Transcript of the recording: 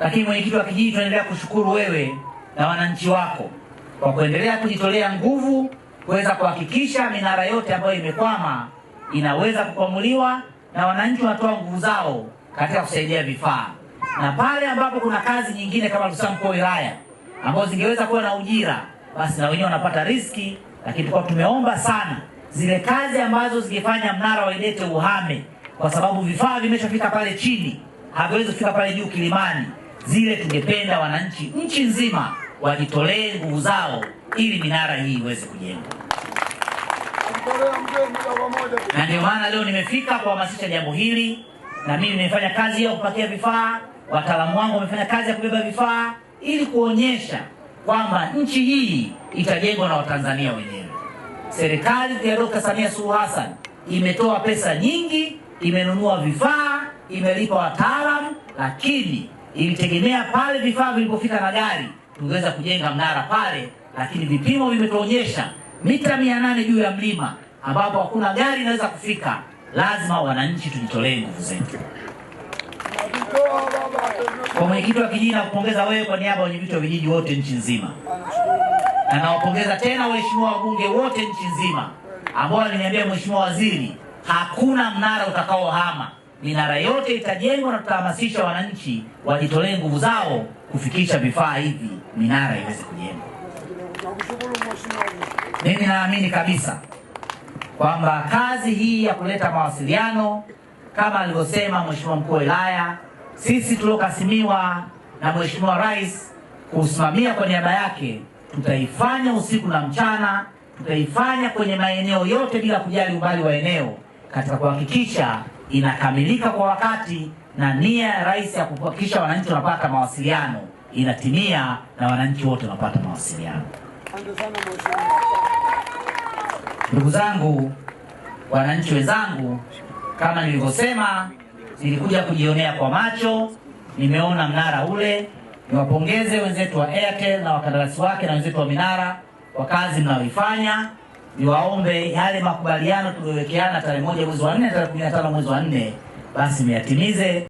Lakini mwenyekiti wa kijiji, tunaendelea kushukuru wewe na wananchi wako kwa kuendelea kujitolea nguvu kuweza kuhakikisha minara yote ambayo imekwama inaweza kupamuliwa na wananchi wanatoa nguvu zao katika kusaidia vifaa, na pale ambapo kuna kazi nyingine kama Lusamco wilaya ambazo zingeweza kuwa na ujira, basi na wenyewe wanapata riski. Lakini tukuwa tumeomba sana zile kazi ambazo zingefanya mnara wa Idete uhame, kwa sababu vifaa vimeshafika pale chini, haviwezi kufika pale juu kilimani zile, tungependa wananchi nchi nzima wajitolee nguvu zao ili minara hii iweze kujengwa, na ndio maana leo nimefika kuhamasisha jambo hili, na mimi nimefanya kazi ya kupakia vifaa, wataalamu wangu wamefanya kazi ya kubeba vifaa ili kuonyesha kwamba nchi hii itajengwa na Watanzania wenyewe. Serikali ya Dkt. Samia Suluhu Hassan imetoa pesa nyingi, imenunua vifaa, imelipa wataalamu, lakini ilitegemea pale vifaa vilipofika na gari tungeweza kujenga mnara pale, lakini vipimo vimetuonyesha mita mia nane juu ya mlima ambapo hakuna gari inaweza kufika. Lazima wananchi tujitolee nguvu zetu. Kwa mwenyekiti wa kijiji nakupongeza wewe kwa niaba ya wenyeviti wa vijiji wote nchi nzima, na nawapongeza tena waheshimiwa wabunge wote nchi nzima ambao waliniambia, mheshimiwa waziri, hakuna mnara utakaohama minara yote itajengwa na tutahamasisha wananchi wajitolee nguvu zao kufikisha vifaa hivi minara iweze kujengwa. Mimi naamini kabisa kwamba kazi hii ya kuleta mawasiliano kama alivyosema Mheshimiwa mkuu wa wilaya, sisi tuliokasimiwa na Mheshimiwa Rais kusimamia kwa niaba yake, tutaifanya usiku na mchana, tutaifanya kwenye maeneo yote bila kujali umbali wa eneo katika kuhakikisha inakamilika kwa wakati na nia ya rais ya kuhakikisha wananchi wanapata mawasiliano inatimia na wananchi wote wanapata mawasiliano. Ndugu zangu, wananchi wenzangu, kama nilivyosema, nilikuja kujionea kwa macho, nimeona mnara ule. Niwapongeze wenzetu wa Airtel na wakandarasi wake na wenzetu wa minara kwa kazi mnayoifanya niwaombe yale makubaliano tuliyowekeana tarehe moja mwezi wa nne tarehe kumi na tano mwezi wa nne basi meyatimize.